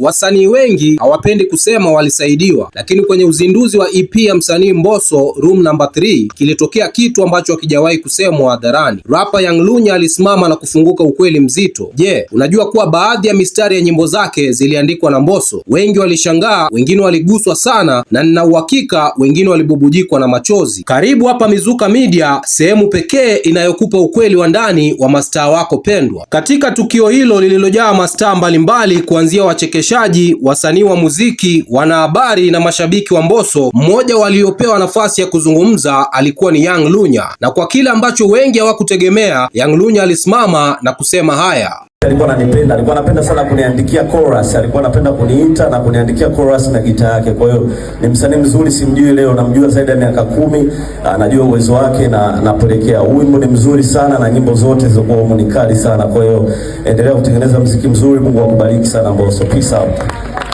wasanii wengi hawapendi kusema walisaidiwa, lakini kwenye uzinduzi wa EP ya msanii Mbosso Room Number 3 kilitokea kitu ambacho hakijawahi kusemwa hadharani. Rapa Young Lunya alisimama na kufunguka ukweli mzito. Je, unajua kuwa baadhi ya mistari ya nyimbo zake ziliandikwa na Mbosso? Wengi walishangaa, wengine waliguswa sana, na nina uhakika wengine walibubujikwa na machozi. Karibu hapa Mizuka Media, sehemu pekee inayokupa ukweli wa ndani wa mastaa wako pendwa. Katika tukio hilo lililojaa mastaa mbalimbali kuanzia wachekesha waendeshaji, wasanii wa muziki, wanahabari na mashabiki wa Mbosso, mmoja waliopewa nafasi ya kuzungumza alikuwa ni Young Lunya, na kwa kile ambacho wengi hawakutegemea, Young Lunya alisimama na kusema haya. Alikuwa ananipenda, alikuwa anapenda sana kuniandikia chorus, alikuwa anapenda kuniita na kuniandikia chorus na gitaa yake. Kwa hiyo ni msanii mzuri, simjui leo, namjua zaidi ya miaka kumi, anajua uwezo wake na napelekea. Wimbo ni mzuri sana na nyimbo zote zilizokuwa humu ni kali sana. Kwa hiyo endelea kutengeneza mziki mzuri, Mungu akubariki sana Mbosso. Peace out.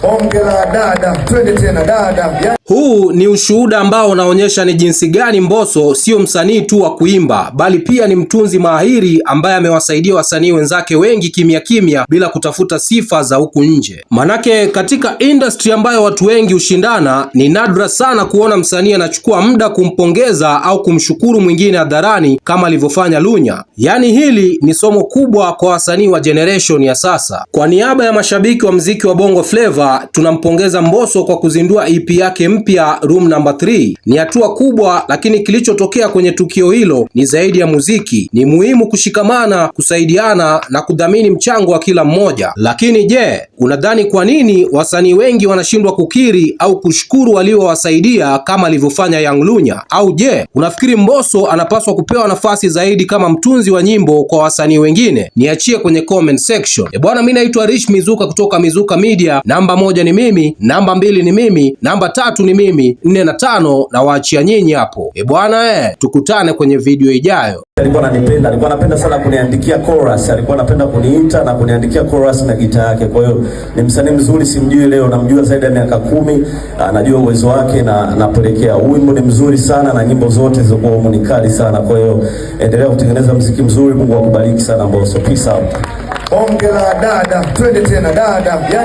Ongela dada, twende tena dada. Huu ni ushuhuda ambao unaonyesha ni jinsi gani Mbosso sio msanii tu wa kuimba bali pia ni mtunzi mahiri ambaye amewasaidia wasanii wenzake wengi kimya kimya bila kutafuta sifa za huku nje. Manake katika industry ambayo watu wengi hushindana, ni nadra sana kuona msanii anachukua muda kumpongeza au kumshukuru mwingine hadharani kama alivyofanya Lunya. Yaani hili ni somo kubwa kwa wasanii wa generation ya sasa. Kwa niaba ya mashabiki wa mziki wa Bongo Flava tunampongeza Mbosso kwa kuzindua EP yake mpya Room Number 3 ni hatua kubwa, lakini kilichotokea kwenye tukio hilo ni zaidi ya muziki. Ni muhimu kushikamana, kusaidiana na kudhamini mchango wa kila mmoja. Lakini je, unadhani kwa nini wasanii wengi wanashindwa kukiri au kushukuru waliowasaidia kama alivyofanya Young Lunya? Au je, unafikiri Mbosso anapaswa kupewa nafasi zaidi kama mtunzi wa nyimbo kwa wasanii wengine? Niachie kwenye comment section. E bwana, mimi naitwa Rich Mizuka kutoka Mizuka Media. Namba moja ni mimi, namba mbili ni mimi, namba tatu ni mimi, nne na tano na waachia nyinyi hapo. E bwana eh, tukutane kwenye video ijayo. Alikuwa ananipenda, alikuwa anapenda sana kuniandikia chorus, alikuwa anapenda kuniita na kuniandikia chorus na gita yake. Kwa hiyo ni msanii mzuri, simjui leo, namjua zaidi ya miaka kumi, anajua ah, uwezo wake na napelekea. Wimbo ni mzuri sana na nyimbo zote zilizokuwa humu ni kali sana. Kwa hiyo endelea kutengeneza mziki mzuri, Mungu akubariki sana Mbosso. Peace out. Ongela dada, twende tena dada.